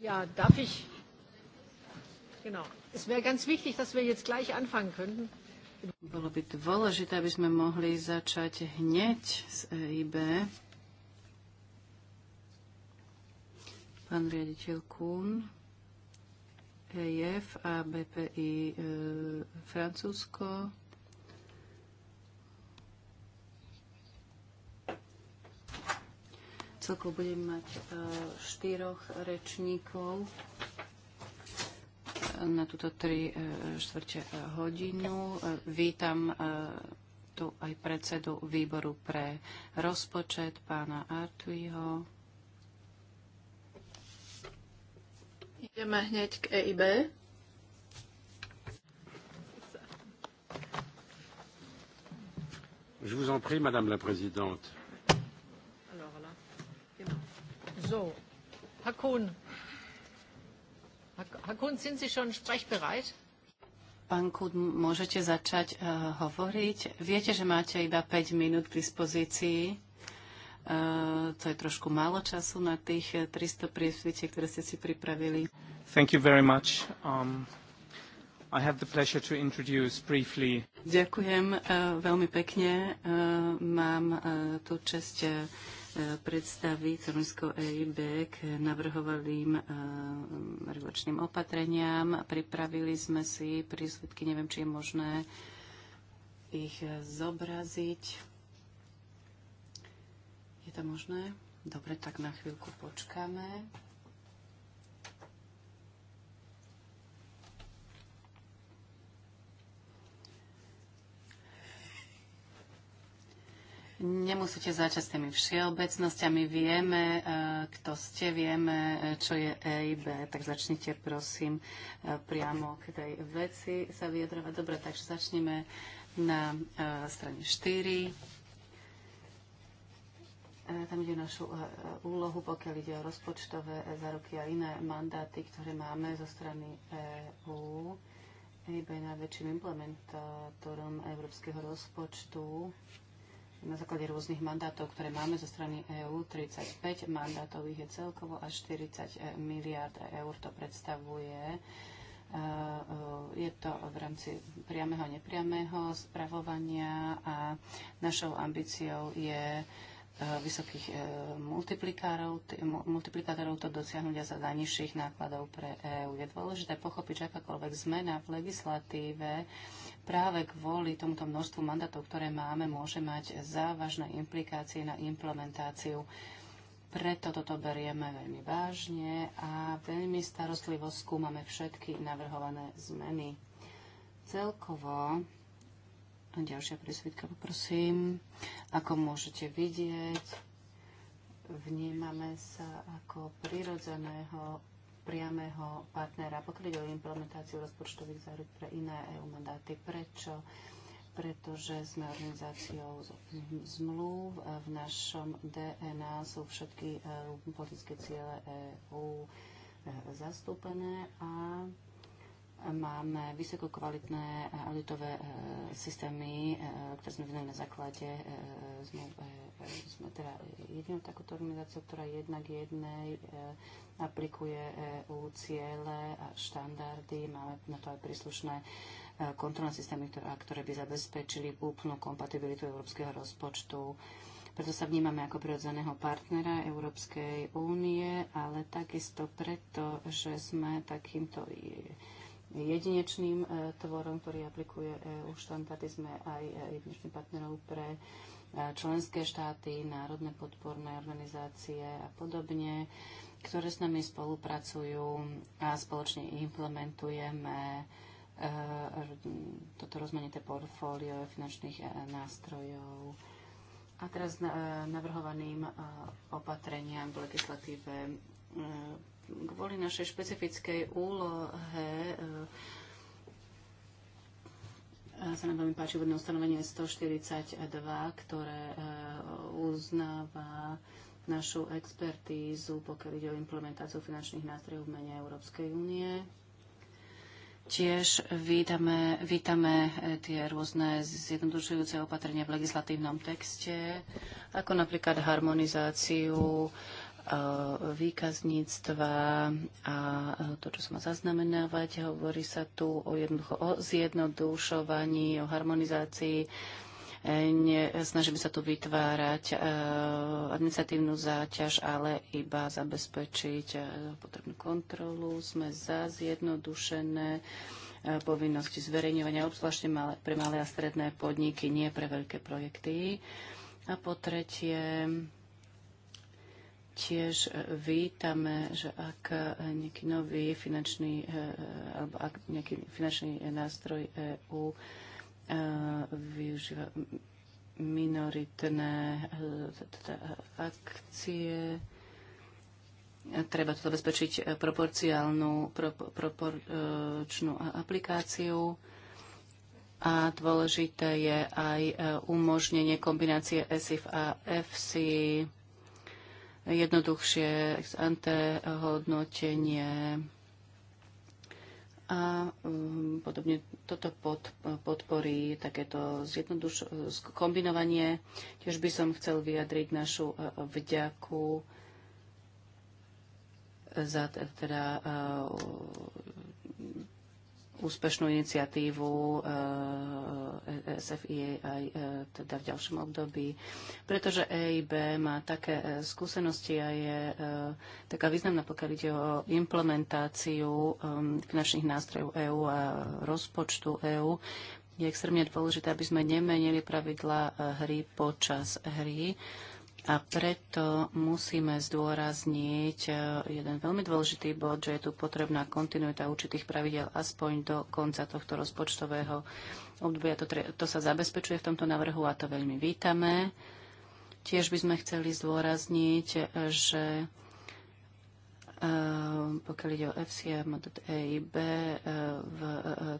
Ja, darf ich? Genau. Es wäre ganz wichtig, dass wir jetzt gleich anfangen könnten. Bolo by dôležité, aby sme mohli začať hneď s EIB. Pán riaditeľ Kuhn, EIF a BPI e, Francúzsko. vysoko budeme mať e, štyroch rečníkov e, na túto tri e, štvrte hodinu. Vítam tu aj predsedu výboru pre rozpočet, pána Artuiho. Ideme hneď k EIB. Je vous en prie, madame la présidente. So, Herr Kuhn. Herr Kuhn, sind Sie schon sprechbereit? Pán Kuhn, môžete začať uh, hovoriť. Viete, že máte iba 5 minút k dispozícii. Uh, to je trošku málo času na tých 300 priesvitie, ktoré ste si pripravili. Thank you very much. Um, I have the pleasure to introduce briefly. Ďakujem uh, veľmi pekne. Uh, mám uh, tú čest uh, predstaviť Slovensko EIB k navrhovalým eh, regulačným opatreniam. Pripravili sme si prísvitky, neviem, či je možné ich eh, zobraziť. Je to možné? Dobre, tak na chvíľku počkáme. Nemusíte začať s tými všeobecnosťami. Vieme, e, kto ste, vieme, e, čo je EIB, tak začnite prosím e, priamo k tej veci sa vyjadrovať. Dobre, takže začneme na strane 4. Tam ide našu úlohu, pokiaľ ide o rozpočtové záruky a iné mandáty, ktoré máme zo strany EÚ. EIB je najväčším implementátorom európskeho rozpočtu na základe rôznych mandátov, ktoré máme zo strany EÚ, 35 mandátov ich je celkovo až 40 e, miliard eur to predstavuje. E, e, je to v rámci priameho a nepriamého spravovania a našou ambíciou je E, vysokých e, multiplikárov, multiplikátorov to dosiahnuť a za najnižších nákladov pre EÚ. Je dôležité pochopiť, že akákoľvek zmena v legislatíve práve kvôli tomuto množstvu mandátov, ktoré máme, môže mať závažné implikácie na implementáciu. Preto toto berieme veľmi vážne a veľmi starostlivo skúmame všetky navrhované zmeny. Celkovo Ďalšia presvedka, poprosím. Ako môžete vidieť, vnímame sa ako prirodzeného priamého partnera, pokiaľ ide o implementáciu rozpočtových záruk pre iné EU mandáty. Prečo? Pretože sme organizáciou zmluv. V našom DNA sú všetky e politické ciele EU e, zastúpené a Máme vysokokvalitné eh, auditové eh, systémy, eh, ktoré sme vydali na základe. Sme, sme teda jedinou takúto organizáciou, ktorá jednak jednej aplikuje EU ciele a štandardy. Máme na to aj príslušné kontrolné systémy, ktoré, ktoré by zabezpečili úplnú kompatibilitu európskeho rozpočtu. Preto sa vnímame ako prirodzeného partnera Európskej únie, ale takisto preto, že sme takýmto jedinečným e, tvorom, ktorý aplikuje EU štandardy. Sme aj e, jedinečným partnerom pre e, členské štáty, národné podporné organizácie a podobne, ktoré s nami spolupracujú a spoločne implementujeme toto rozmanité portfólio finančných nástrojov. A teraz navrhovaným opatreniam v legislatíve kvôli našej špecifickej úlohe e, e, sa nám veľmi páči vodné ustanovenie 142, ktoré e, uznáva našu expertízu, pokiaľ ide o implementáciu finančných nástrojov v mene Európskej únie. Tiež vítame, vítame tie rôzne zjednodušujúce opatrenia v legislatívnom texte, ako napríklad harmonizáciu Eh, výkazníctva a eh, to, čo sa má zaznamenávať. Hovorí sa tu o, jednoducho, o zjednodušovaní, o harmonizácii. Eh, ne, snažíme sa tu vytvárať administratívnu záťaž, ale iba zabezpečiť potrebnú kontrolu. Sme za zjednodušené povinnosti zverejňovania, obzvlášť pre malé a stredné podniky, nie pre veľké projekty. A po tretie, Tiež vítame, že ak nejaký nový finančný, eh, alebo ak nejaký finančný nástroj EÚ eh, využíva minoritné eh, akcie, treba to zabezpečiť proporciálnu proporčnú aplikáciu a dôležité je aj umožnenie kombinácie SIF a FSI jednoduchšie ex ante hodnotenie a um, podobne toto pod, podporí takéto zjednoduš- kombinovanie. Tiež by som chcel vyjadriť našu e, vďaku za teda e, úspešnú iniciatívu eh, eh, SFIA aj eh, teda v ďalšom období, pretože EIB má také skúsenosti a je taká významná, pokiaľ ide o implementáciu finančných nástrojov EÚ a rozpočtu EÚ. Je extrémne dôležité, aby sme nemenili pravidla hry počas hry, a preto musíme zdôrazniť eh, jeden veľmi dôležitý bod, že je tu potrebná kontinuita určitých pravidel aspoň do konca tohto rozpočtového obdobia. To, to sa zabezpečuje v tomto návrhu a to veľmi vítame. Tiež by sme chceli zdôrazniť, eh, že eh, pokiaľ ide o FCM od EIB v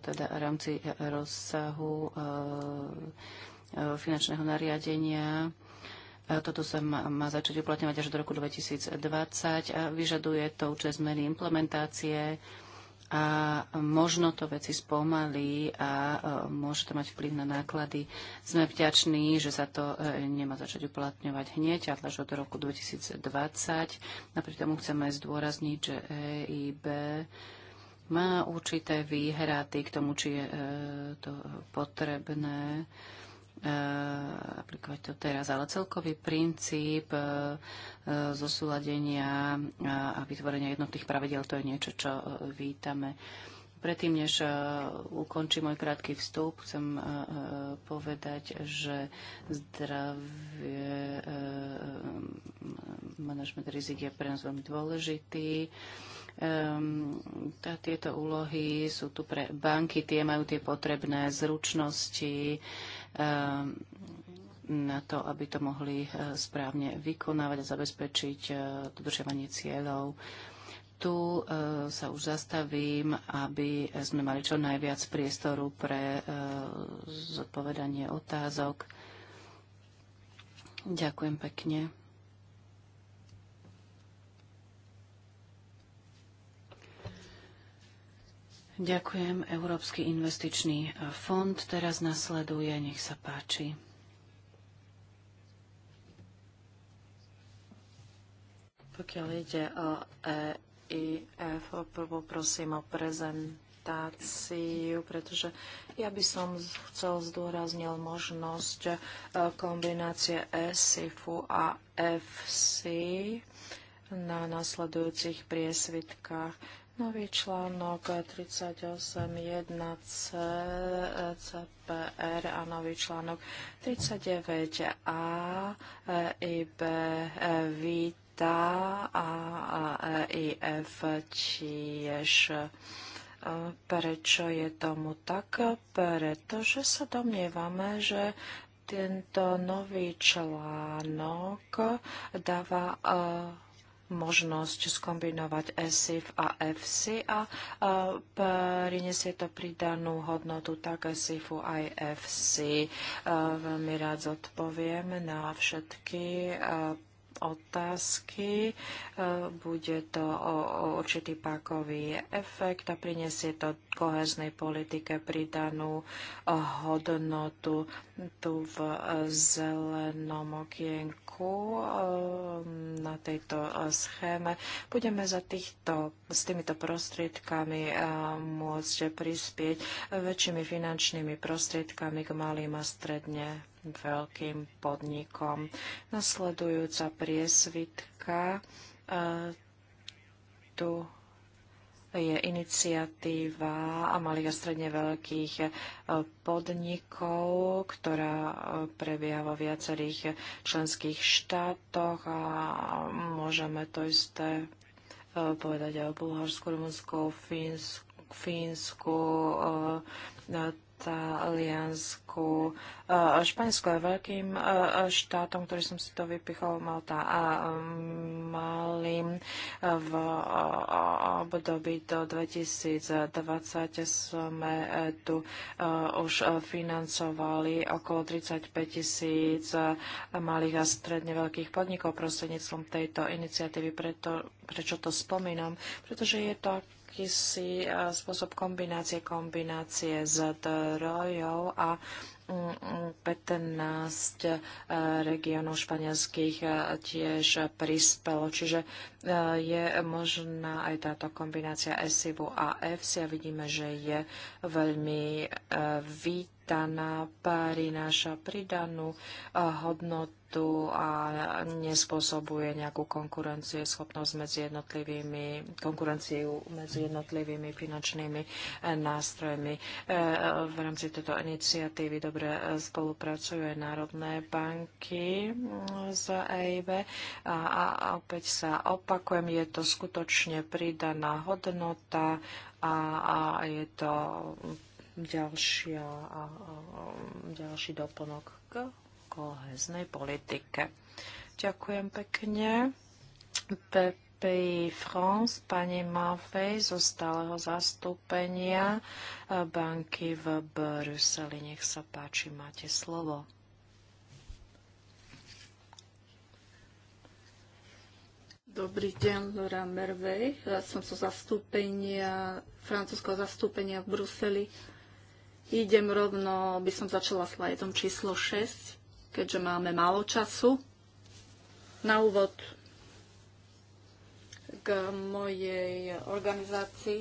teda rámci rozsahu finančného nariadenia, E, toto sa má, začať uplatňovať až do roku 2020 a vyžaduje to určité zmeny implementácie a možno to veci spomalí a e, môže to mať vplyv na náklady. Sme vďační, že sa to e, nemá začať uplatňovať hneď, ale až od roku 2020. Napriek tomu chceme zdôrazniť, že EIB má určité výhrady k tomu, či je to potrebné Eh, aplikovať to teraz, ale celkový princíp eh, eh, zosúladenia a vytvorenia jednotných pravidel, to je niečo, čo vítame. Predtým, než ukončím môj krátky vstup, chcem povedať, že zdravie, manažment rizik je pre nás veľmi dôležitý. Ehm, tá, tieto úlohy sú tu pre banky, tie majú tie potrebné zručnosti, Ehm, na to, aby to mohli eh, správne vykonávať a zabezpečiť eh, dodržiavanie cieľov tu eh, sa už zastavím, aby sme mali čo najviac priestoru pre zodpovedanie otázok. Ďakujem pekne. Ďakujem. Európsky investičný e, fond teraz nasleduje. Nech sa páči. Pokiaľ ide o EIF, poprosím o prezentáciu, pretože ja by som chcel zdôraznil možnosť e, kombinácie ESIFu a FC na nasledujúcich priesvitkách. Nový článok 38.1 CPR a nový článok 39a IB Vita a e IF e tiež. Prečo je tomu tak? Pretože sa domnievame, že tento nový článok dáva e, možnosť skombinovať ESIF a EFSI a priniesie to pridanú hodnotu tak ESIFu aj EFSI. Veľmi rád zodpoviem na všetky otázky. E, bude to určitý pákový efekt a priniesie to koheznej politike pridanú e, hodnotu tu v e, zelenom okienku na tejto schéme. Budeme za týchto, s týmito prostriedkami môcť prispieť väčšími finančnými prostriedkami k malým a stredne veľkým podnikom. Nasledujúca priesvitka e, tu je iniciatíva malých a stredne veľkých e, podnikov, ktorá e, prebieha vo viacerých členských štátoch a môžeme to isté povedať aj o Bulharsku, Rumunsku, Fínsku, Fínsku Taliansku. E, Španielsku je veľkým e, štátom, ktorý som si to vypichol, Malta a e, malým v období do 2020 sme tu už financovali okolo 35 tisíc malých a stredne veľkých podnikov prostredníctvom tejto iniciatívy. Preto, prečo to spomínam? Pretože je to akýsi spôsob kombinácie, kombinácie zdrojov a 15 mm, mm, e, regiónov španielských e, tiež prispelo. Čiže e, je možná aj táto kombinácia SIVu a EFSI a vidíme, že je veľmi vítaná, prináša pridanú hodnotu kvalitu a nespôsobuje nejakú konkurenciu, schopnosť medzi jednotlivými, konkurenciu medzi jednotlivými finančnými eh, nástrojmi. Eh, v rámci tejto iniciatívy dobre spolupracujú aj národné banky mm, z EIB a, a opäť sa opakujem, je to skutočne pridaná hodnota a, a je to ďalšia, a, a, ďalší doplnok k kohéznej politike. Ďakujem pekne. PPI France, pani Malfej zo stáleho zastúpenia eh, banky v Bruseli. Nech sa páči, máte slovo. Dobrý deň, Laura Mervej. Ja som zo zastúpenia, francúzského zastúpenia v Bruseli. Idem rovno, by som začala slajdom číslo 6 keďže máme málo času. Na úvod k mojej organizácii.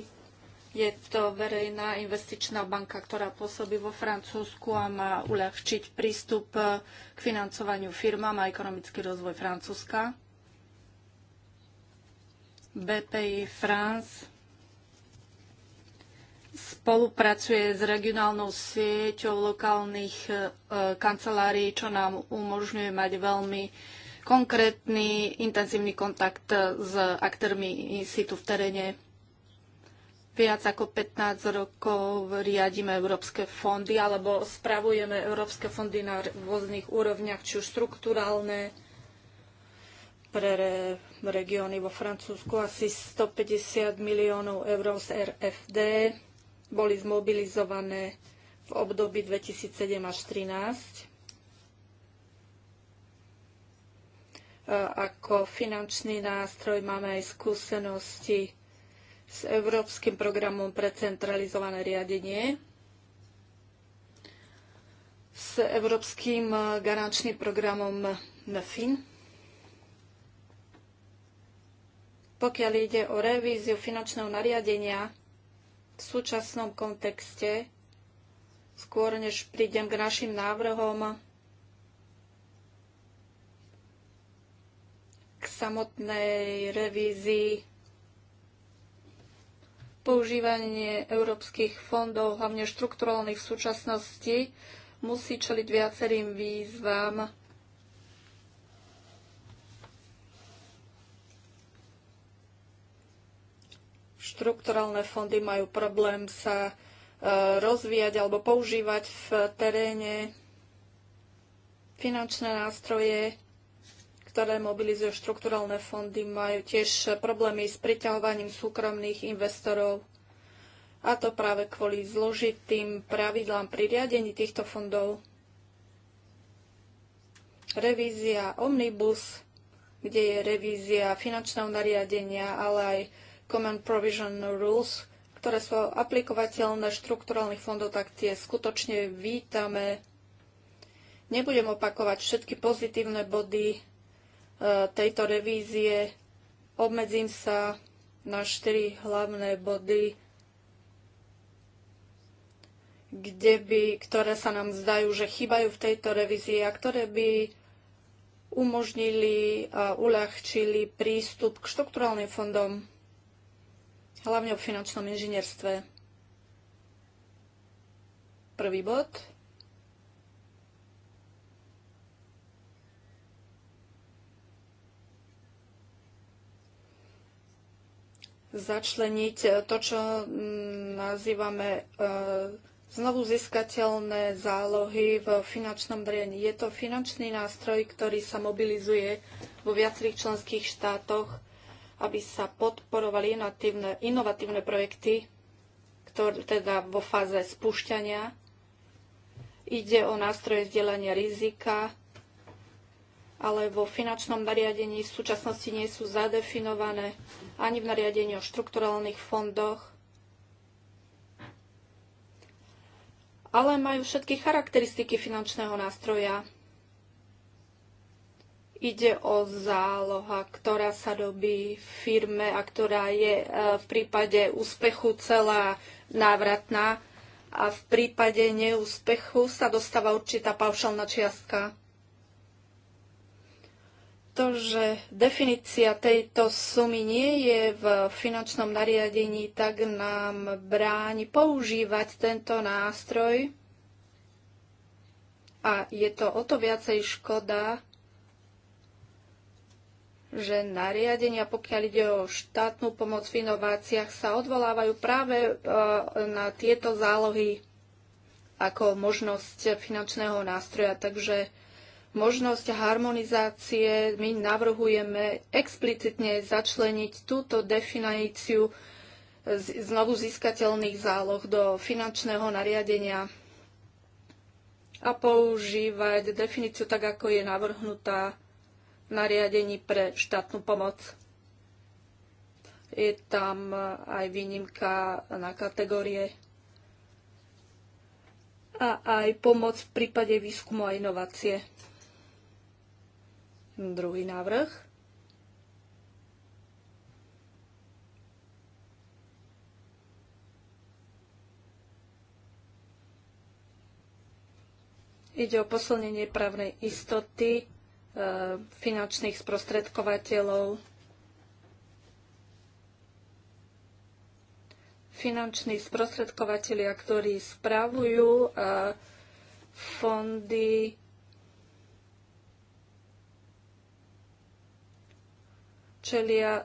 Je to verejná investičná banka, ktorá pôsobí vo Francúzsku a má uľahčiť prístup k financovaniu firmám a ekonomický rozvoj Francúzska. BPI France spolupracuje s regionálnou sieťou lokálnych e, kancelárií, čo nám umožňuje mať veľmi konkrétny, intenzívny kontakt e, s aktérmi situ v teréne. Viac ako 15 rokov riadíme európske fondy alebo spravujeme európske fondy na rôznych úrovniach, či už štruktúrálne, pre regióny vo Francúzsku asi 150 miliónov eur z RFD boli zmobilizované v období 2007 až 2013 ako finančný nástroj máme aj skúsenosti s Európskym programom pre centralizované riadenie, s Európskym garančným programom MFIN. Pokiaľ ide o revíziu finančného nariadenia, v súčasnom kontexte, skôr než prídem k našim návrhom, k samotnej revízii používanie európskych fondov, hlavne štrukturálnych v súčasnosti, musí čeliť viacerým výzvam štrukturálne fondy majú problém sa e, rozvíjať alebo používať v teréne finančné nástroje, ktoré mobilizujú štrukturálne fondy, majú tiež problémy s priťahovaním súkromných investorov. A to práve kvôli zložitým pravidlám pri riadení týchto fondov. Revízia Omnibus, kde je revízia finančného nariadenia, ale aj Common Provision Rules, ktoré sú aplikovateľné štrukturálnych fondov, tak tie skutočne vítame. Nebudem opakovať všetky pozitívne body e, tejto revízie. Obmedzím sa na štyri hlavné body, kde by, ktoré sa nám zdajú, že chýbajú v tejto revízii a ktoré by umožnili a uľahčili prístup k štrukturálnym fondom hlavne o finančnom inžinierstve. Prvý bod. Začleniť to, čo mm, nazývame e, znovu získateľné zálohy v finančnom drení. Je to finančný nástroj, ktorý sa mobilizuje vo viacerých členských štátoch aby sa podporovali inovatívne, inovatívne projekty, ktoré teda vo fáze spúšťania. Ide o nástroje vzdelania rizika, ale vo finančnom nariadení v súčasnosti nie sú zadefinované ani v nariadení o štrukturálnych fondoch, ale majú všetky charakteristiky finančného nástroja. Ide o záloha, ktorá sa robí firme a ktorá je e, v prípade úspechu celá návratná a v prípade neúspechu sa dostáva určitá paušálna čiastka. To, že definícia tejto sumy nie je v finančnom nariadení, tak nám bráni používať tento nástroj. A je to o to viacej škoda, že nariadenia, pokiaľ ide o štátnu pomoc v inováciách, sa odvolávajú práve e, na tieto zálohy ako možnosť finančného nástroja. Takže možnosť harmonizácie my navrhujeme explicitne začleniť túto definíciu znovu získateľných záloh do finančného nariadenia a používať definíciu tak, ako je navrhnutá nariadení pre štátnu pomoc. Je tam aj výnimka na kategórie a aj pomoc v prípade výskumu a inovácie. Druhý návrh. Ide o posilnenie právnej istoty finančných sprostredkovateľov. Finanční sprostredkovateľia, ktorí spravujú e, fondy čelia e,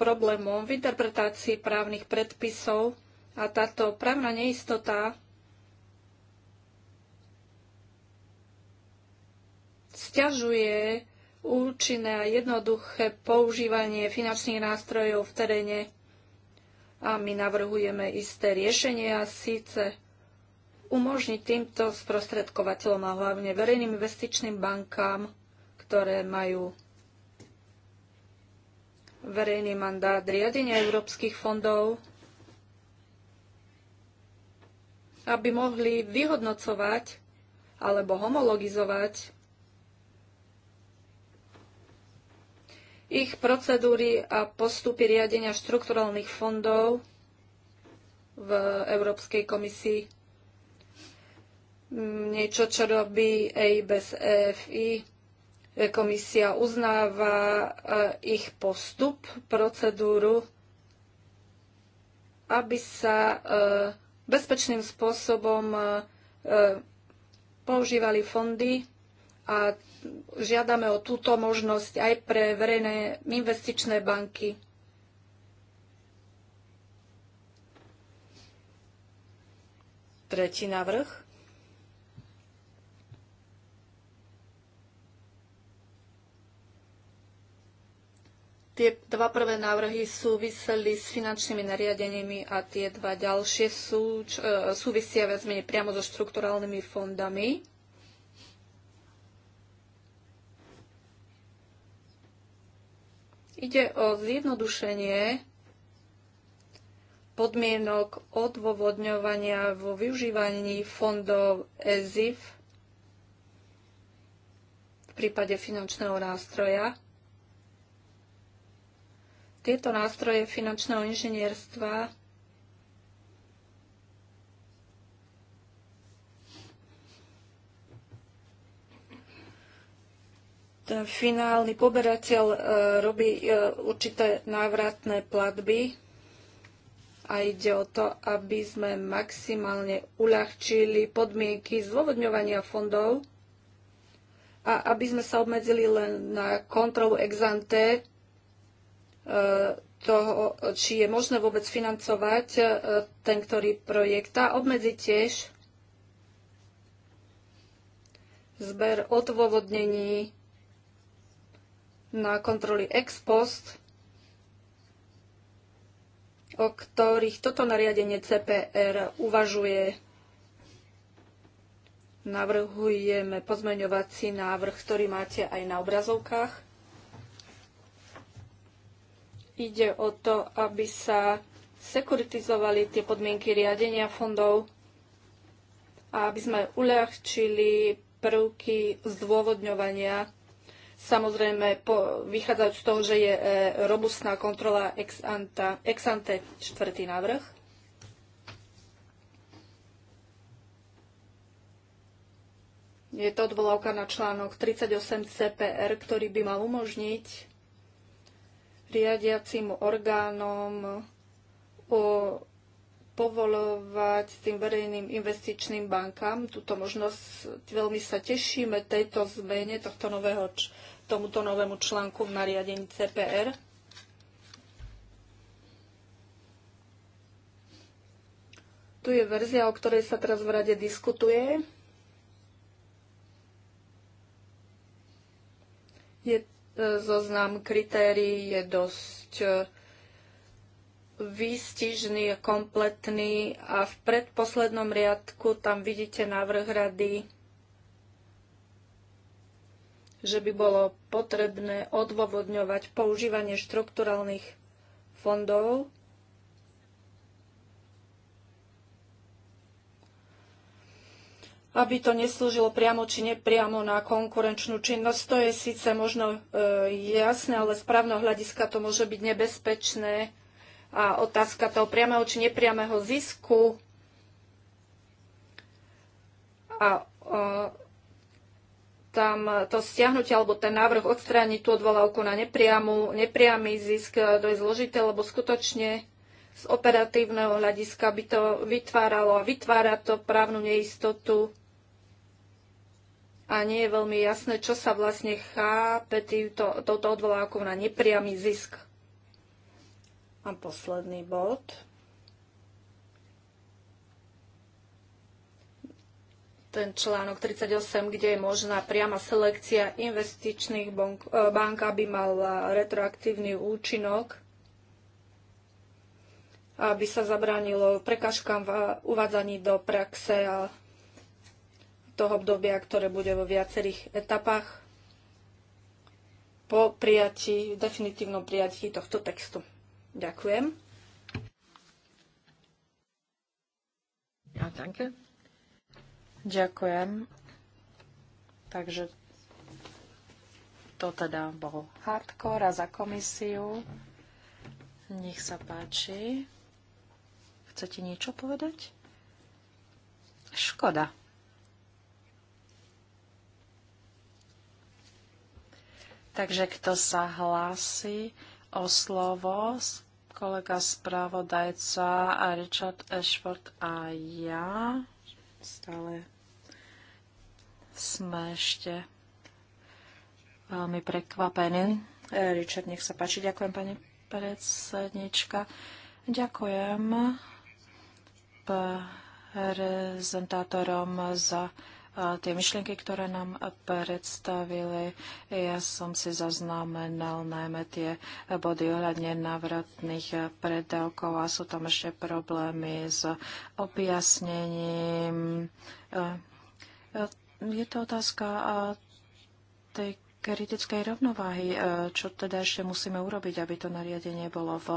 problémom v interpretácii právnych predpisov a táto právna neistota stiažuje účinné a jednoduché používanie finančných nástrojov v teréne. A my navrhujeme isté riešenie a síce umožniť týmto sprostredkovateľom a hlavne verejným investičným bankám, ktoré majú verejný mandát riadenia európskych fondov, aby mohli vyhodnocovať alebo homologizovať ich procedúry a postupy riadenia štrukturálnych fondov v Európskej komisii. Mm, Niečo, čo robí EIB bez EFI. Komisia uznáva eh, ich postup, procedúru, aby sa eh, bezpečným spôsobom eh, používali fondy a žiadame o túto možnosť aj pre verejné investičné banky. Tretí návrh. Tie dva prvé návrhy súviseli s finančnými nariadeniami a tie dva ďalšie sú, e, súvisia viac menej priamo so štrukturálnymi fondami. Ide o zjednodušenie podmienok odôvodňovania vo využívaní fondov EZIF v prípade finančného nástroja. Tieto nástroje finančného inžinierstva ten finálny poberateľ e, robí e, určité návratné platby a ide o to, aby sme maximálne uľahčili podmienky zôvodňovania fondov a aby sme sa obmedzili len na kontrolu ex ante e, toho, či je možné vôbec financovať ten, ktorý projekt a obmedzi tiež zber odôvodnení na kontroly ex post, o ktorých toto nariadenie CPR uvažuje. Navrhujeme pozmeňovací návrh, ktorý máte aj na obrazovkách. Ide o to, aby sa sekuritizovali tie podmienky riadenia fondov a aby sme uľahčili prvky zdôvodňovania Samozrejme, po, z toho, že je e, robustná kontrola ex, anta, ex ante čtvrtý návrh. Je to odvolávka na článok 38 CPR, ktorý by mal umožniť riadiacim orgánom o povolovať tým verejným investičným bankám túto možnosť. Veľmi sa tešíme tejto zmene, tohto nového, tomuto novému článku v nariadení CPR. Tu je verzia, o ktorej sa teraz v rade diskutuje. Je e, zoznam kritérií je dosť e, výstižný a kompletný a v predposlednom riadku tam vidíte návrh rady, že by bolo potrebné odôvodňovať používanie štrukturálnych fondov aby to neslúžilo priamo či nepriamo na konkurenčnú činnosť. To je síce možno e, jasné, ale z právneho hľadiska to môže byť nebezpečné, a otázka toho priamého či nepriamého zisku a tam to stiahnutie alebo ten návrh odstrániť tú odvolávku na nepriamu, nepriamy zisk, e, to je zložité, lebo skutočne z operatívneho hľadiska by to vytváralo a vytvára to právnu neistotu a nie je veľmi jasné, čo sa vlastne chápe týmto, touto odvolávkou na nepriamy zisk. A posledný bod. ten článok 38, kde je možná priama selekcia investičných bank, e, bank aby mal retroaktívny účinok, aby sa zabránilo prekažkám v uvádzaní do praxe a toho obdobia, ktoré bude vo viacerých etapách po prijatí, definitívnom prijatí tohto textu. Ďakujem. Ja, danke. Ďakujem. Takže to teda bol hardcore a za komisiu. Nech sa páči. Chcete niečo povedať? Škoda. Takže kto sa hlási o slovo kolega správodajca Richard Ashford a ja stále sme ešte veľmi prekvapení. E, Richard, nech sa páči. Ďakujem, pani predsednička. Ďakujem prezentátorom za tie myšlienky, ktoré nám predstavili. Ja som si zaznamenal najmä tie body ohľadne návratných predávkov a sú tam ešte problémy s objasnením. E, e, je to otázka tej kritickej rovnováhy, e, čo teda ešte musíme urobiť, aby to nariadenie bolo e, v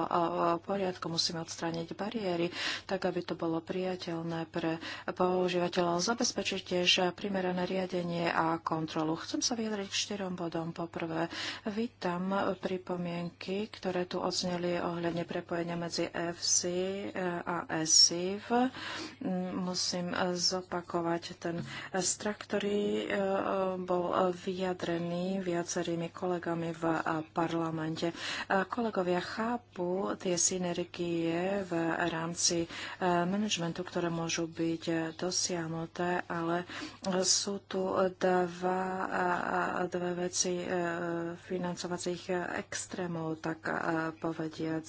poriadku. Musíme odstrániť bariéry, tak aby to bolo priateľné pre používateľov. Zabezpečiť tiež primerané riadenie a kontrolu. Chcem sa vyjadriť k štyrom bodom. Poprvé, vítam pripomienky, ktoré tu odzneli ohľadne prepojenia medzi FC a ESIV. Musím zopakovať ten strach, ktorý e, bol vyjadrený viacerými kolegami v eh, parlamente. Eh, kolegovia chápu tie synergie v rámci eh, manažmentu, ktoré môžu byť dosiahnuté, ale sú tu dva, dve veci financovacích extrémov, tak povediac.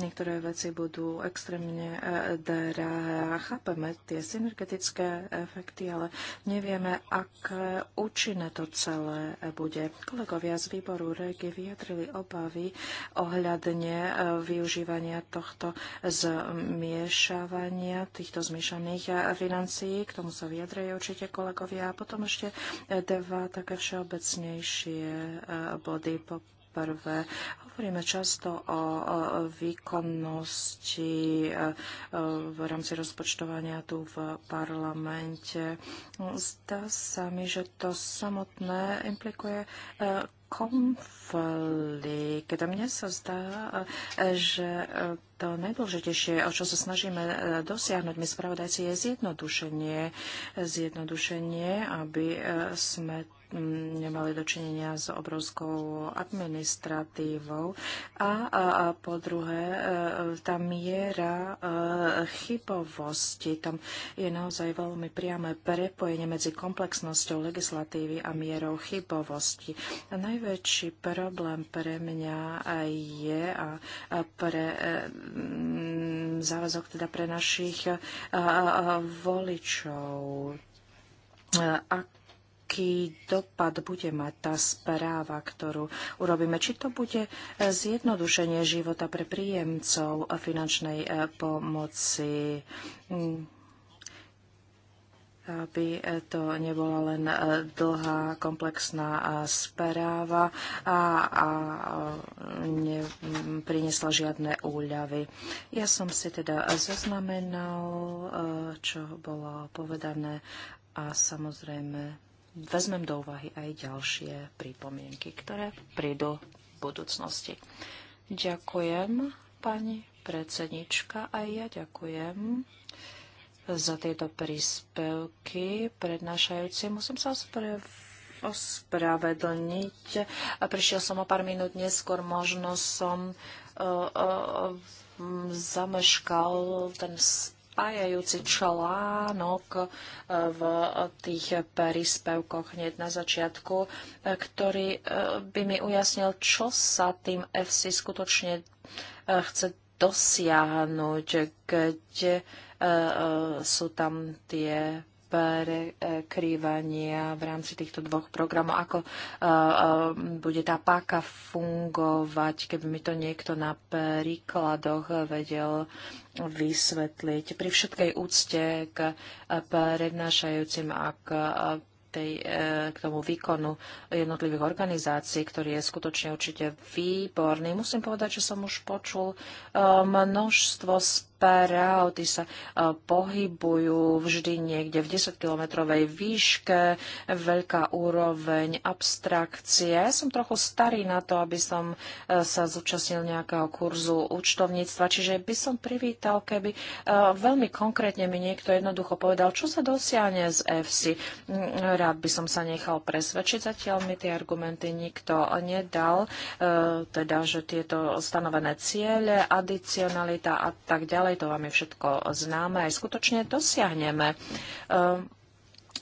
Niektoré veci budú extrémne drahé a chápeme tie synergetické efekty, ale nevieme, aké účinné to celé bude nebude. Kolegovia z výboru REGI vyjadrili obavy ohľadne e, využívania tohto zmiešavania, týchto zmiešaných e, financií. K tomu sa vyjadrili určite kolegovia. A potom ešte e, dva také všeobecnejšie body. Po prvé. Hovoríme často o výkonnosti e, e, v rámci rozpočtovania tu v parlamente. Zdá sa mi, že to samotné implikuje e, konflikt. Mne sa zdá, že to najdôležitejšie, o čo sa snažíme dosiahnuť my spravodajci, je zjednodušenie. Zjednodušenie, aby sme nemali dočinenia s obrovskou administratívou a, a, a po druhé e, tá miera e, chybovosti. Tam je naozaj veľmi priame prepojenie medzi komplexnosťou legislatívy a mierou chybovosti. A najväčší problém pre mňa je a pre e, záväzok teda pre našich voličov. A aký dopad bude mať tá správa, ktorú urobíme. Či to bude e, zjednodušenie života pre príjemcov finančnej e, pomoci mm. aby e, to nebola len dlhá, komplexná správa a, a neprinesla žiadne úľavy. Ja som si teda zaznamenal, čo bolo povedané a samozrejme vezmem do úvahy aj ďalšie pripomienky, ktoré prídu v budúcnosti. Ďakujem, pani predsednička, aj ja ďakujem za tieto príspevky prednášajúci. Musím sa ospravedlniť A prišiel som o pár minút neskôr, možno som uh, uh, zameškal ten spájajúci článok e, v tých príspevkoch hneď na začiatku, e, ktorý e, by mi ujasnil, čo sa tým FC skutočne chce dosiahnuť, kde sú tam tie prekrývania v rámci týchto dvoch programov, ako eh, eh, bude tá páka fungovať, keby mi to niekto na príkladoch vedel vysvetliť. Pri všetkej úcte k eh, prednášajúcim a k tej, k tomu výkonu jednotlivých organizácií, ktorý je skutočne určite výborný. Musím povedať, že som už počul množstvo práv. sa e, pohybujú vždy niekde v 10-kilometrovej výške, veľká úroveň abstrakcie. Ja som trochu starý na to, aby som e, sa zúčastnil nejakého kurzu účtovníctva, čiže by som privítal, keby e, veľmi konkrétne mi niekto jednoducho povedal, čo sa dosiahne z EFSI. Mm, rád by som sa nechal presvedčiť, zatiaľ mi tie argumenty nikto nedal, teda, že tieto stanovené ciele, adicionalita a tak ďalej, to vám je všetko známe, aj skutočne dosiahneme. Ehm,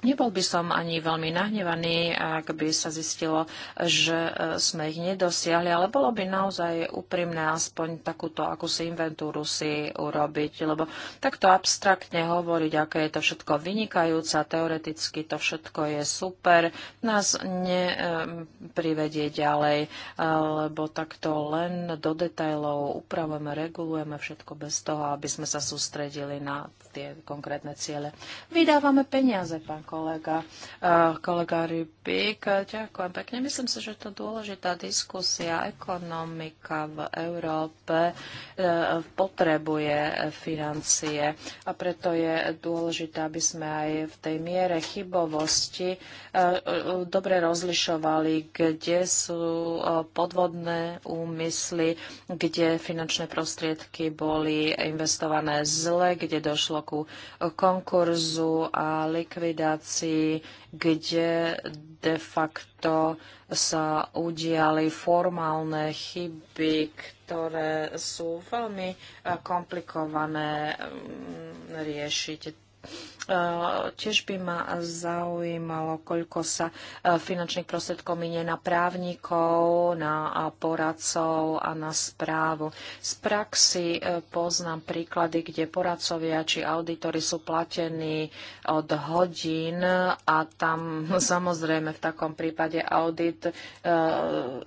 Nebol by som ani veľmi nahnevaný, ak by sa zistilo, že e, sme ich nedosiahli, ale bolo by naozaj úprimné aspoň takúto akúsi inventúru si urobiť, lebo takto abstraktne hovoriť, aké je to všetko vynikajúce, teoreticky to všetko je super, nás neprivedie e, ďalej, lebo takto len do detajlov upravujeme, regulujeme všetko bez toho, aby sme sa sústredili na tie konkrétne ciele. Vydávame peniaze, pán pán kolega, e, kolega Rybík. Ďakujem pekne. Myslím si, že to dôležitá diskusia. Ekonomika v Európe e, potrebuje financie a preto je dôležité, aby sme aj v tej miere chybovosti e, dobre rozlišovali, kde sú podvodné úmysly, kde finančné prostriedky boli investované zle, kde došlo ku konkurzu a likvidácii organizácií, kde de facto sa udiali formálne chyby, ktoré sú veľmi eh, komplikované mm, riešiť Eh, tiež by ma zaujímalo, koľko sa eh, finančných prostriedkov minie na právnikov, na eh, poradcov a na správu. Z praxi poznám príklady, kde poradcovia či auditory sú platení od hodín a tam samozrejme v takom prípade audit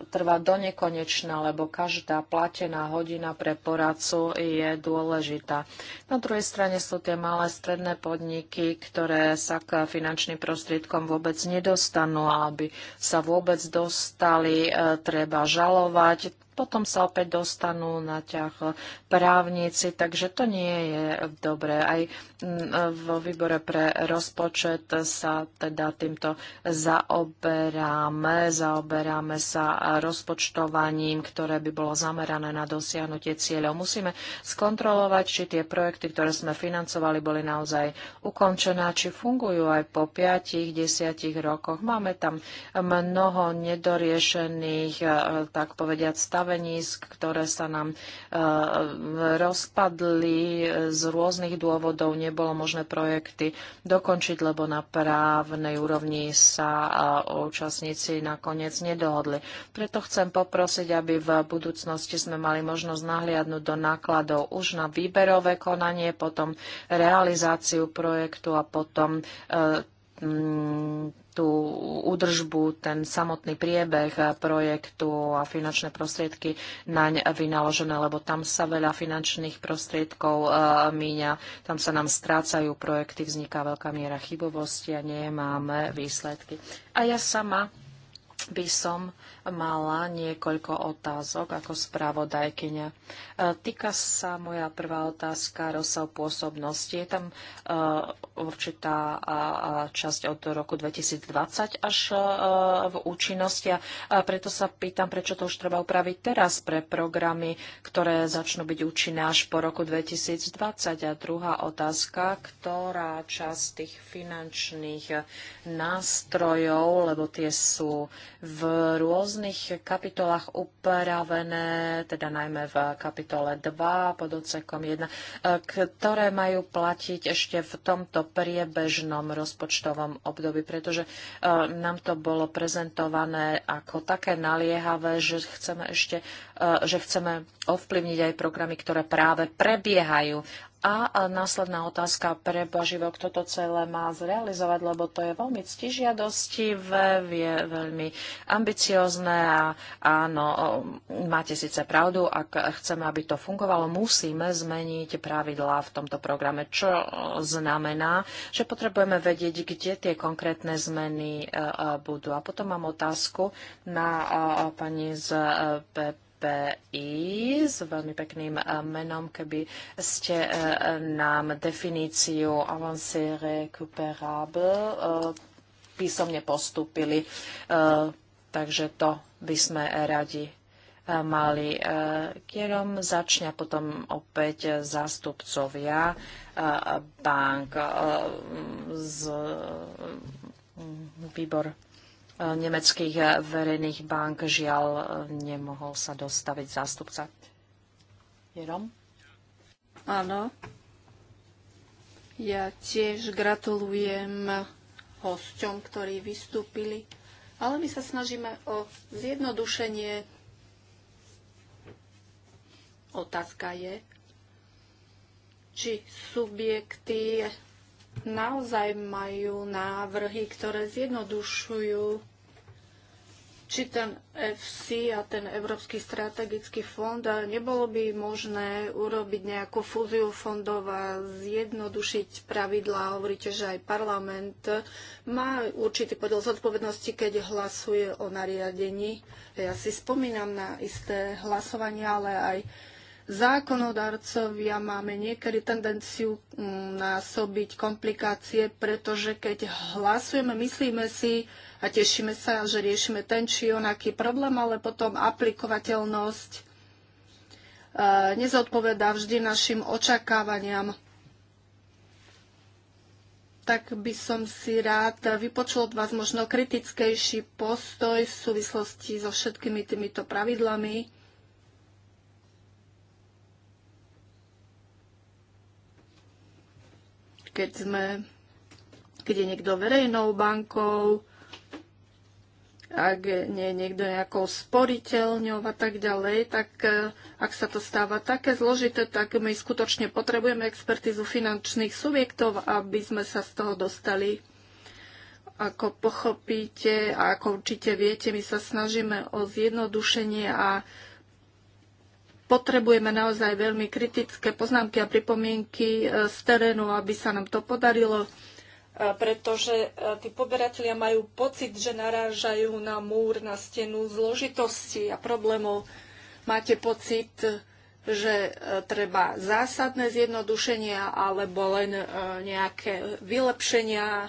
trvá do nekonečna, lebo každá platená hodina pre poradcu je dôležitá. Na druhej strane sú tie malé stredné podniky, ktoré sa k finančným prostriedkom vôbec nedostanú a aby sa vôbec dostali, e, treba žalovať potom sa opäť dostanú na ťah právnici, takže to nie je dobré. Aj mm, vo výbore pre rozpočet sa teda týmto zaoberáme. Zaoberáme sa rozpočtovaním, ktoré by bolo zamerané na dosiahnutie cieľov. Musíme skontrolovať, či tie projekty, ktoré sme financovali, boli naozaj ukončené, či fungujú aj po 5-10 rokoch. Máme tam mnoho nedoriešených, e, tak povediať, stav stavenísk, ktoré sa nám e, rozpadli z rôznych dôvodov. Nebolo možné projekty dokončiť, lebo na právnej úrovni sa e, účastníci nakoniec nedohodli. Preto chcem poprosiť, aby v budúcnosti sme mali možnosť nahliadnúť do nákladov už na výberové konanie, potom realizáciu projektu a potom e, tú údržbu, ten samotný priebeh projektu a finančné prostriedky naň vynaložené, lebo tam sa veľa finančných prostriedkov e, míňa, tam sa nám strácajú projekty, vzniká veľká miera chybovosti a nemáme výsledky. A ja sama by som mala niekoľko otázok ako spravodajkyňa. E, týka sa moja prvá otázka rozsahu pôsobnosti. Je tam e, určitá časť od roku 2020 až e, v účinnosti a preto sa pýtam, prečo to už treba upraviť teraz pre programy, ktoré začnú byť účinné až po roku 2020. A druhá otázka, ktorá časť tých finančných nástrojov, lebo tie sú v rôznych kapitolách upravené, teda najmä v kapitole 2 pod odsekom 1, ktoré majú platiť ešte v tomto priebežnom rozpočtovom období, pretože e, nám to bolo prezentované ako také naliehavé, že chceme ešte, e, že chceme ovplyvniť aj programy, ktoré práve prebiehajú a následná otázka pre Boživo, kto to celé má zrealizovať, lebo to je veľmi ctižiadostivé, je veľmi ambiciozne a áno, um, máte síce pravdu, ak chceme, aby to fungovalo, musíme zmeniť pravidlá v tomto programe, čo znamená, že potrebujeme vedieť, kde tie konkrétne zmeny uh, uh, budú. A potom mám otázku na uh, pani z PP PI s veľmi pekným eh, menom, keby ste eh, nám definíciu avancé récupérable eh, písomne postúpili. Takže to by sme radi mali. Kierom začne potom opäť zástupcovia bank z mm, výbor nemeckých verejných bank. Žiaľ, e, nemohol sa dostaviť zástupca. Jerom? Áno. Ja tiež gratulujem hosťom, ktorí vystúpili, ale my sa snažíme o zjednodušenie. Otázka je, či subjekty naozaj majú návrhy, ktoré zjednodušujú či ten FC a ten Európsky strategický fond, nebolo by možné urobiť nejakú fúziu fondov a zjednodušiť pravidlá. Hovoríte, že aj parlament má určitý podiel zodpovednosti, keď hlasuje o nariadení. Ja si spomínam na isté hlasovanie, ale aj zákonodarcovia máme niekedy tendenciu mm, násobiť komplikácie, pretože keď hlasujeme, myslíme si a tešíme sa, že riešime ten či onaký problém, ale potom aplikovateľnosť e, nezodpovedá vždy našim očakávaniam tak by som si rád vypočul od vás možno kritickejší postoj v súvislosti so všetkými týmito pravidlami keď sme, keď je niekto verejnou bankou, ak nie je niekto nejakou sporiteľňou a tak ďalej, tak e, ak sa to stáva také zložité, tak my skutočne potrebujeme expertizu finančných subjektov, aby sme sa z toho dostali. Ako pochopíte a ako určite viete, my sa snažíme o zjednodušenie a potrebujeme naozaj veľmi kritické poznámky a pripomienky e, z terénu, aby sa nám to podarilo, e, pretože e, tí poberatelia majú pocit, že narážajú na múr, na stenu zložitosti a problémov. Máte pocit, že treba zásadné zjednodušenia alebo len nejaké vylepšenia,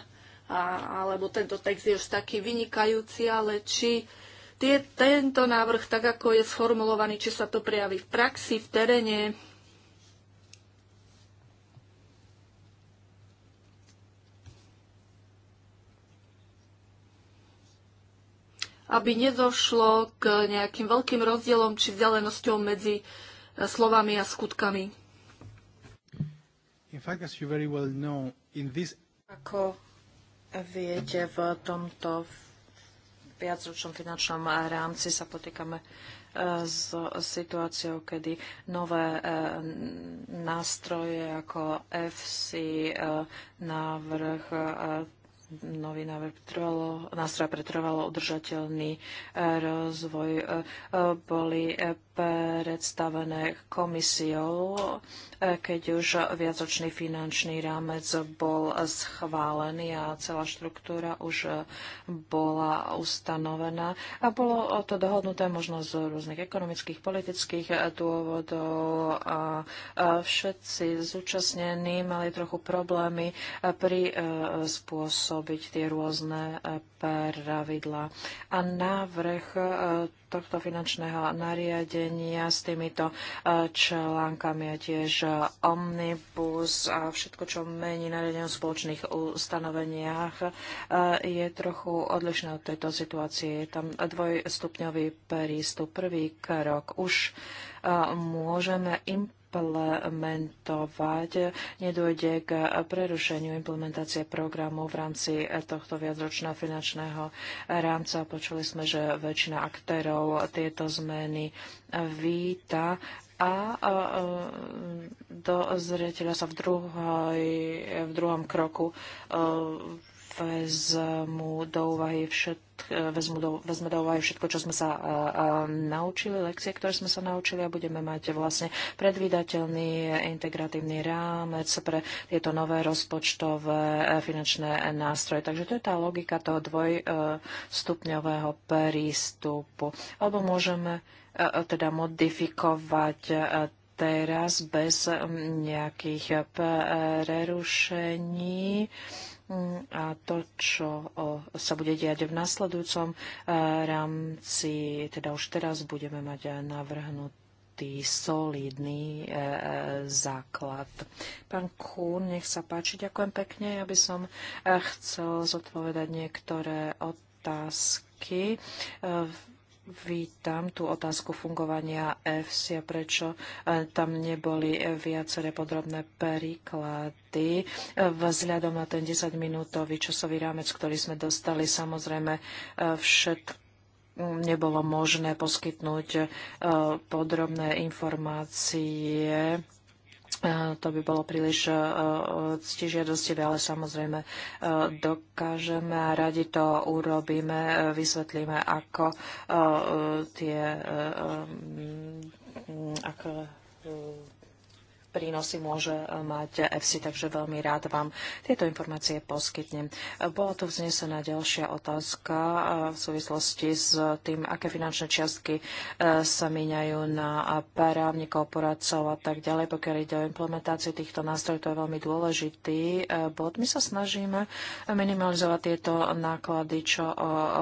alebo tento text je už taký vynikajúci, ale či tie, tento návrh, tak ako je sformulovaný, či sa to prejaví v praxi, v teréne, aby nedošlo k nejakým veľkým rozdielom či vzdialenosťou medzi e, slovami a skutkami. Ako viete, v tomto viacročnom finančnom rámci sa potýkame e, s situáciou, kedy nové e, nástroje ako FC, e, návrh nový návrh trvalo, nástroja pre trvalo udržateľný e, rozvoj e, e, boli predstavené komisiou, keď už viacočný finančný rámec bol schválený a celá štruktúra už bola ustanovená. A bolo to dohodnuté možno z rôznych ekonomických, politických dôvodov a všetci zúčastnení mali trochu problémy pri spôsobe prehlbiť tie rôzne e, pravidla. A návrh e, tohto finančného nariadenia s týmito e, článkami je tiež omnibus a všetko, čo mení nariadenie o spoločných ustanoveniach, je trochu odlišné od tejto situácie. Je tam dvojstupňový prístup. Prvý krok už môžeme implementovať implementovať. Nedôjde k prerušeniu implementácie programu v rámci tohto viacročného finančného rámca. Počuli sme, že väčšina aktérov tieto zmeny víta a do zreteľa sa v, druhoj, v druhom kroku e, vezmu do úvahy všetko, vezmu do, vezme do úvahy všetko, čo sme sa naučili, lekcie, ktoré sme sa naučili a budeme mať vlastne predvídateľný integratívny rámec pre tieto nové rozpočtové e, finančné e, nástroje. Takže to je tá logika toho dvojstupňového e, prístupu. Alebo môžeme teda modifikovať teraz bez mm, nejakých prerušení mm, a to, čo sa bude diať v nasledujúcom e, rámci, teda už teraz budeme mať e, navrhnutý solidný e, základ. Pán Kún, nech sa páči, ďakujem pekne. Ja by som chcel zodpovedať niektoré otázky otázky vítam tú otázku fungovania EFSI a prečo e, tam neboli viaceré podrobné príklady. E, vzhľadom na ten 10-minútový časový rámec, ktorý sme dostali, samozrejme e, všetko nebolo možné poskytnúť podrobné informácie to by bolo príliš e, e, ctižiadostivé, ale samozrejme e, dokážeme a radi to urobíme, vysvetlíme, ako tie ako prínosy môže e, mať EFSI, takže veľmi rád vám tieto informácie poskytnem. Bola tu vznesená ďalšia otázka e, v súvislosti s tým, aké finančné čiastky e, sa míňajú na právnikov, poradcov a tak ďalej, pokiaľ ide o implementáciu týchto nástrojov, to je veľmi dôležitý bod. My sa snažíme minimalizovať tieto náklady, čo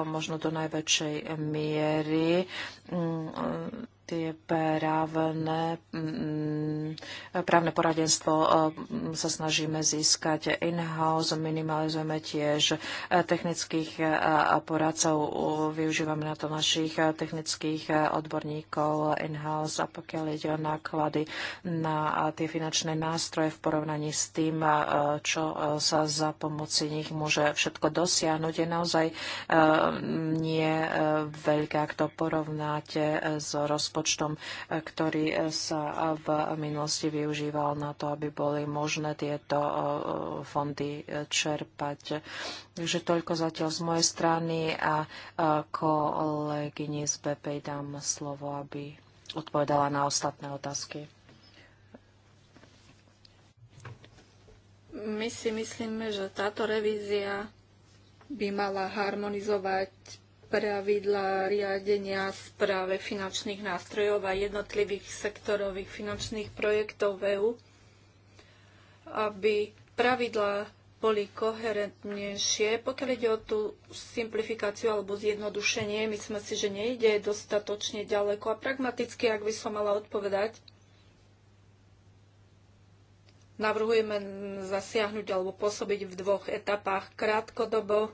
možno do najväčšej miery tie právne, mm, právne poradenstvo e, sa snažíme získať in-house, minimalizujeme tiež e, technických e, poradcov, využívame na to našich technických odborníkov in-house a pokiaľ ide o náklady na tie finančné nástroje v porovnaní s tým, čo sa za pomoci nich môže všetko dosiahnuť, je naozaj nie veľké, ak to porovnáte s rozpočtom rozpočtom, e, ktorý e, sa v minulosti využíval na to, aby boli možné tieto e, fondy čerpať. Takže toľko zatiaľ z mojej strany a kolegyni z BP dám slovo, aby odpovedala na ostatné otázky. My si myslíme, že táto revízia by mala harmonizovať pravidlá riadenia správe finančných nástrojov a jednotlivých sektorových finančných projektov EU, aby pravidlá boli koherentnejšie. Pokiaľ ide o tú simplifikáciu alebo zjednodušenie, myslím si, že nejde dostatočne ďaleko. A pragmaticky, ak by som mala odpovedať, navrhujeme zasiahnuť alebo pôsobiť v dvoch etapách. Krátkodobo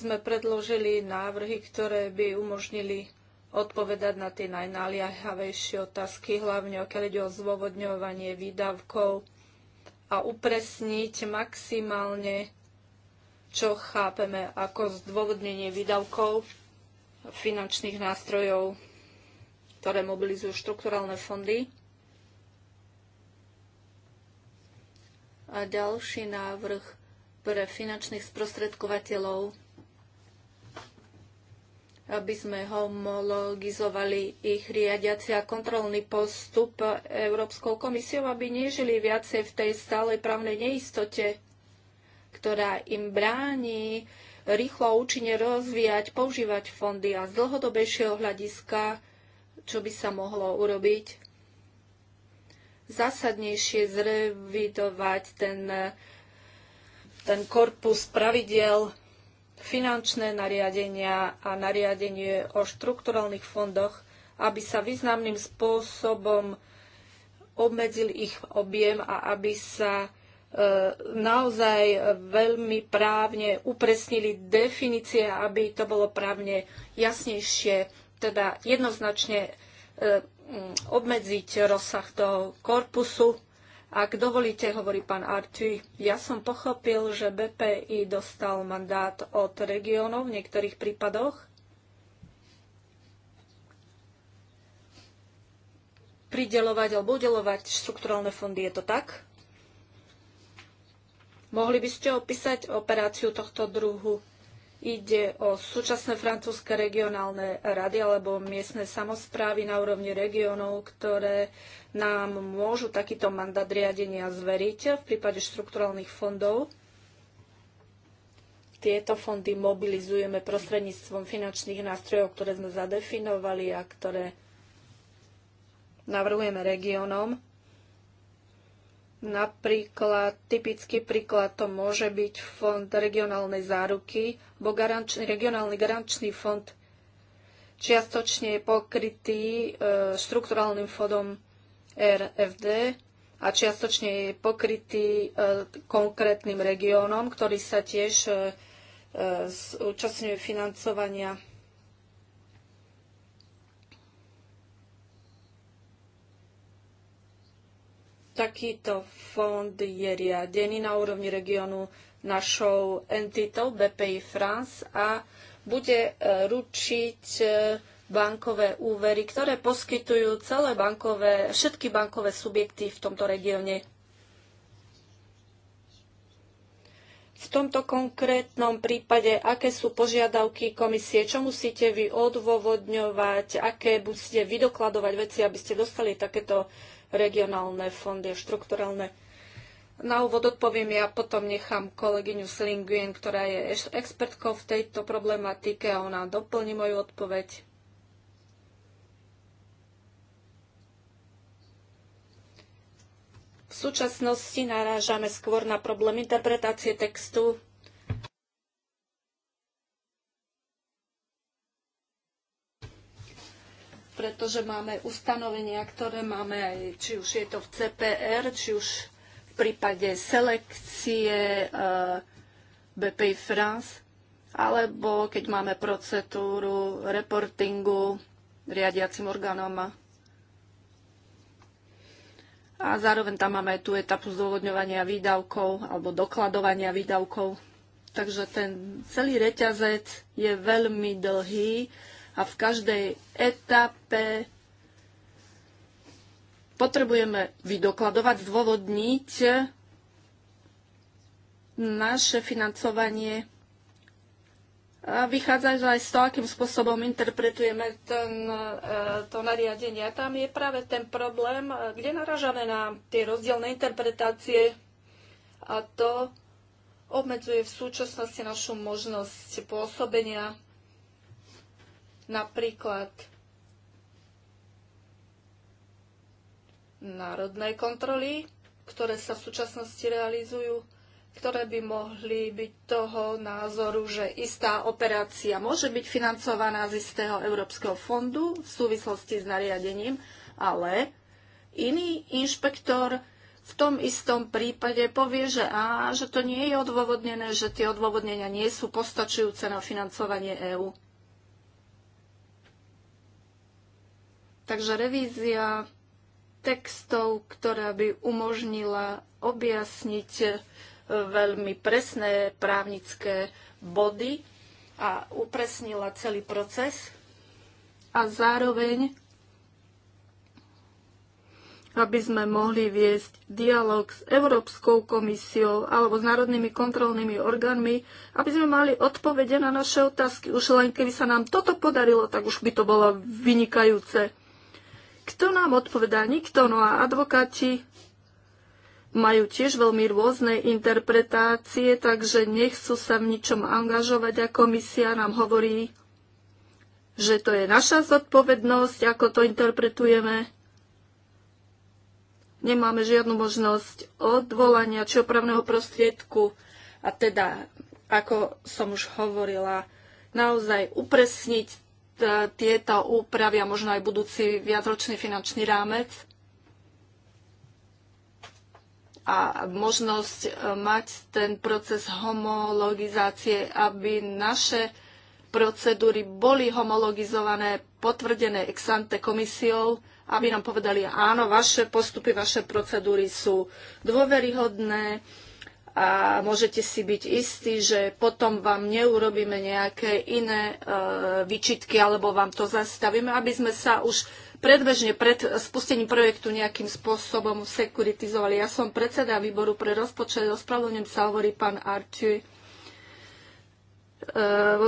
sme predložili návrhy, ktoré by umožnili odpovedať na tie najnáliahavejšie otázky, hlavne okiaľ ide o zôvodňovanie výdavkov a upresniť maximálne, čo chápeme ako zdôvodnenie výdavkov finančných nástrojov, ktoré mobilizujú štrukturálne fondy. A ďalší návrh pre finančných sprostredkovateľov aby sme homologizovali ich riadiaci a kontrolný postup Európskou komisiou, aby nežili viacej v tej stálej právnej neistote, ktorá im bráni rýchlo a účinne rozvíjať, používať fondy a z dlhodobejšieho hľadiska, čo by sa mohlo urobiť, zásadnejšie zrevidovať ten, ten korpus pravidel finančné nariadenia a nariadenie o štrukturálnych fondoch, aby sa významným spôsobom obmedzil ich objem a aby sa e, naozaj veľmi právne upresnili definície, aby to bolo právne jasnejšie, teda jednoznačne e, obmedziť rozsah toho korpusu ak dovolíte, hovorí pán Arti, ja som pochopil, že BPI dostal mandát od regiónov v niektorých prípadoch. Pridelovať alebo udelovať štrukturálne fondy, je to tak? Mohli by ste opísať operáciu tohto druhu? Ide o súčasné francúzske regionálne rady alebo miestne samozprávy na úrovni regiónov, ktoré nám môžu takýto mandát riadenia zveriť v prípade štrukturálnych fondov. Tieto fondy mobilizujeme prostredníctvom finančných nástrojov, ktoré sme zadefinovali a ktoré navrhujeme regiónom Napríklad, typický príklad to môže byť fond regionálnej záruky, bo garančný, regionálny garančný fond čiastočne je pokrytý e, štrukturálnym fondom RFD a čiastočne je pokrytý e, konkrétnym regiónom, ktorý sa tiež e, e zúčastňuje financovania Takýto fond je riadený na úrovni regiónu našou entitou BPI France a bude e, ručiť e, bankové úvery, ktoré poskytujú celé bankové, všetky bankové subjekty v tomto regióne. V tomto konkrétnom prípade, aké sú požiadavky komisie, čo musíte vy odôvodňovať, aké musíte vydokladovať veci, aby ste dostali takéto regionálne fondy a štrukturálne. Na úvod odpoviem ja, potom nechám kolegyňu Slinguen, ktorá je expertkou v tejto problematike a ona doplní moju odpoveď. V súčasnosti narážame skôr na problém interpretácie textu pretože máme ustanovenia, ktoré máme aj, či už je to v CPR, či už v prípade selekcie eh, BPI France, alebo keď máme procedúru reportingu riadiacim orgánom. A zároveň tam máme aj tú etapu zdôvodňovania výdavkov alebo dokladovania výdavkov. Takže ten celý reťazec je veľmi dlhý a v každej etape potrebujeme vydokladovať, zdôvodniť naše financovanie a vychádza aj z toho, akým spôsobom interpretujeme ten, eh, to nariadenie. tam je práve ten problém, eh, kde naražame na tie rozdielne interpretácie a to obmedzuje v súčasnosti našu možnosť pôsobenia Napríklad národné kontroly, ktoré sa v súčasnosti realizujú, ktoré by mohli byť toho názoru, že istá operácia môže byť financovaná z istého Európskeho fondu v súvislosti s nariadením, ale iný inšpektor v tom istom prípade povie, že, á, že to nie je odôvodnené, že tie odôvodnenia nie sú postačujúce na financovanie EÚ. Takže revízia textov, ktorá by umožnila objasniť e, veľmi presné právnické body a upresnila celý proces a zároveň, aby sme mohli viesť dialog s Európskou komisiou alebo s národnými kontrolnými orgánmi, aby sme mali odpovede na naše otázky. Už len keby sa nám toto podarilo, tak už by to bolo vynikajúce. Kto nám odpovedá? Nikto. No a advokáti majú tiež veľmi rôzne interpretácie, takže nechcú sa v ničom angažovať a komisia nám hovorí, že to je naša zodpovednosť, ako to interpretujeme. Nemáme žiadnu možnosť odvolania či opravného prostriedku. A teda, ako som už hovorila, naozaj upresniť E, tieto úpravy a možno aj budúci viacročný finančný rámec a možnosť e, mať ten proces homologizácie, aby naše procedúry boli homologizované, potvrdené ex ante komisiou, aby nám povedali, áno, vaše postupy, vaše procedúry sú dôveryhodné, a môžete si byť istí, že potom vám neurobíme nejaké iné e, výčitky alebo vám to zastavíme, aby sme sa už predbežne pred spustením projektu nejakým spôsobom sekuritizovali. Ja som predseda výboru pre rozpočet, ospravedlňujem sa, hovorí pán Artur. E,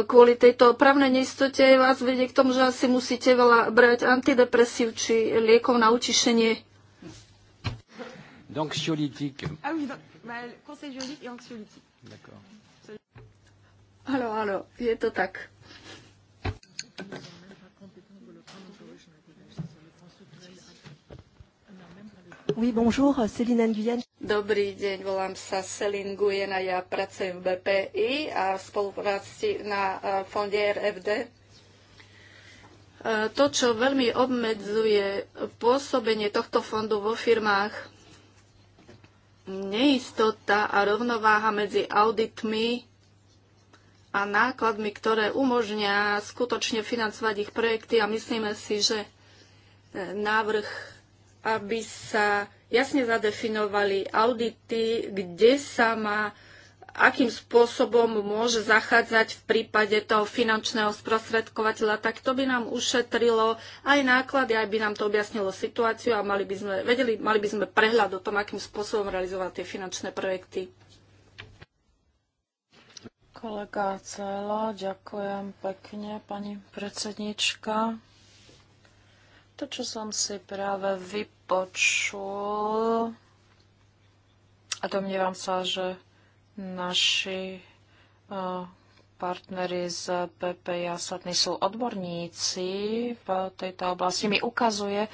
kvôli tejto právnej neistote vás vedie k tomu, že asi musíte veľa brať antidepresív či liekov na utišenie. Donc, mal conseil juridique et anxiolytique. D'accord. Alors, alors, je to tac. Oui, bonjour, Céline Nguyen. Dobrý deň, volám sa Selin Gujen a ja pracujem v BPI a v spolupráci na e, fonde RFD. E, to, čo veľmi obmedzuje pôsobenie tohto fondu vo firmách, neistota a rovnováha medzi auditmi a nákladmi, ktoré umožňa skutočne financovať ich projekty a myslíme si, že e, návrh, aby sa jasne zadefinovali audity, kde sa má akým spôsobom môže zachádzať v prípade toho finančného sprostredkovateľa, tak to by nám ušetrilo aj náklady, aj by nám to objasnilo situáciu a mali by sme, vedeli, mali by sme prehľad o tom, akým spôsobom realizovať tie finančné projekty. Kolega Cela, ďakujem pekne, pani predsednička. To, čo som si práve vypočul, a domnievam sa, že Naši e, partneri z PP a ostatní sú odborníci v tejto oblasti, mi ukazuje,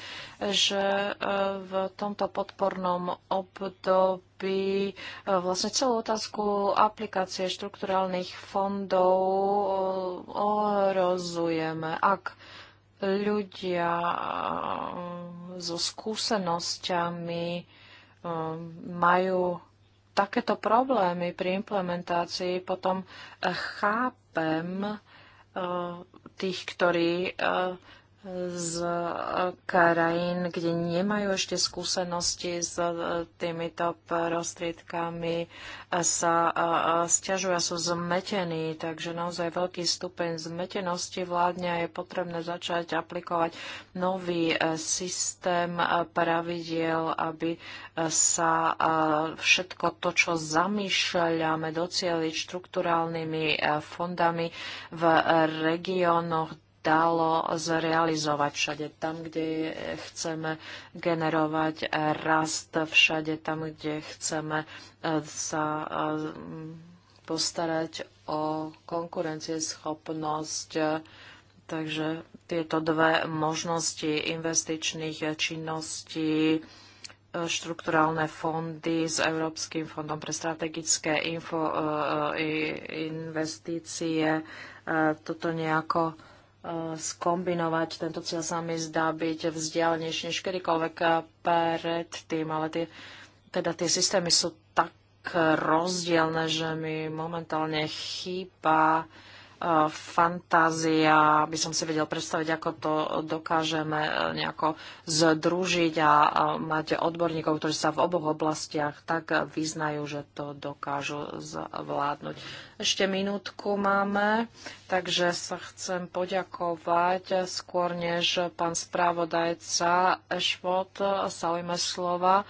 že e, v tomto podpornom období e, vlastne celú otázku aplikácie štrukturálnych fondov ohrozujeme. Ak ľudia so skúsenosťami majú takéto problémy pri implementácii potom eh, chápem eh, tých, ktorí eh, z eh, krajín, kde nemajú ešte skúsenosti s eh, týmito prostriedkami, sa eh, stiažujú a sú zmetení. Takže naozaj veľký stupeň zmetenosti vládne a je potrebné začať aplikovať nový systém pravidiel, aby sa všetko to, čo zamýšľame, docieliť štruktúrálnymi fondami v regiónoch dalo zrealizovať všade tam, kde chceme generovať rast, všade tam, kde chceme e, sa e, postarať o konkurencieschopnosť. Takže tieto dve možnosti investičných činností e, štrukturálne fondy s Európskym fondom pre strategické info, investície. Toto nejako skombinovať. Tento cieľ sa mi zdá byť vzdialenejší než kedykoľvek predtým, ale tie, teda tie systémy sú tak rozdielne, že mi momentálne chýba uh, fantázia, by som si vedel predstaviť, ako to dokážeme eh, nejako združiť a mať odborníkov, ktorí sa v oboch oblastiach tak vyznajú, že to dokážu zvládnuť. Ešte minútku máme, takže sa chcem poďakovať skôr, než pán správodajca Ešvot eh, sa ujme slova.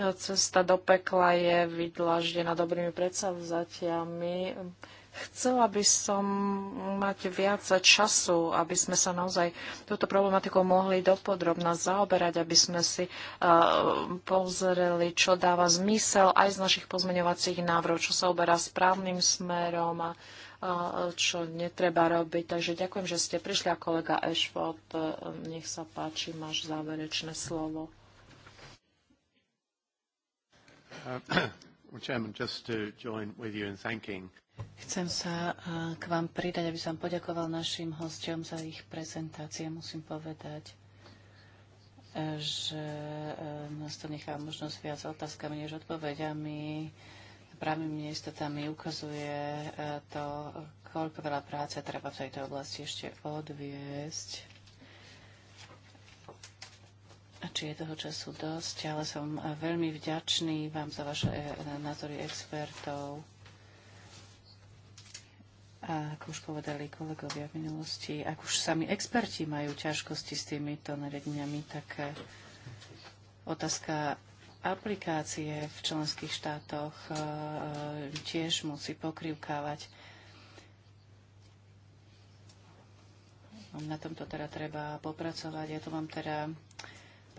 Cesta do pekla je vydlaždená dobrými predsavzatiami. Chcela by som mať viac času, aby sme sa naozaj túto problematikou mohli dopodrobne zaoberať, aby sme si uh, pozreli, čo dáva zmysel aj z našich pozmeňovacích návrhov, čo sa oberá správnym smerom a uh, čo netreba robiť. Takže ďakujem, že ste prišli a kolega Ashford, eh, nech sa páči, máš záverečné slovo. Uh, Chairman, just to join with you in thanking Chcem sa e, k vám pridať, aby som poďakoval našim hostiom za ich prezentácie. Musím povedať, e, že e, nás to nechá možnosť viac otázkami než odpovediami. tam mi ukazuje to, koľko veľa práce treba v tejto oblasti ešte odviesť. A či je toho času dosť, ale som veľmi vďačný vám za vaše názory expertov. A ako už povedali kolegovia v minulosti, ak už sami experti majú ťažkosti s týmito nariadeniami, tak eh, otázka aplikácie v členských štátoch eh, eh, tiež musí pokrivkávať. Na tomto teda treba popracovať. Ja tu mám teda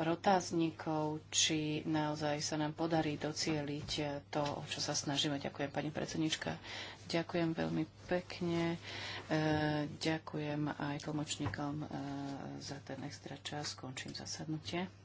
otáznikov, či naozaj sa nám podarí docieliť to, o čo sa snažíme. Ďakujem, pani predsednička. Ďakujem veľmi pekne. E, ďakujem aj tlmočníkom e, za ten extra čas. Končím zasadnutie.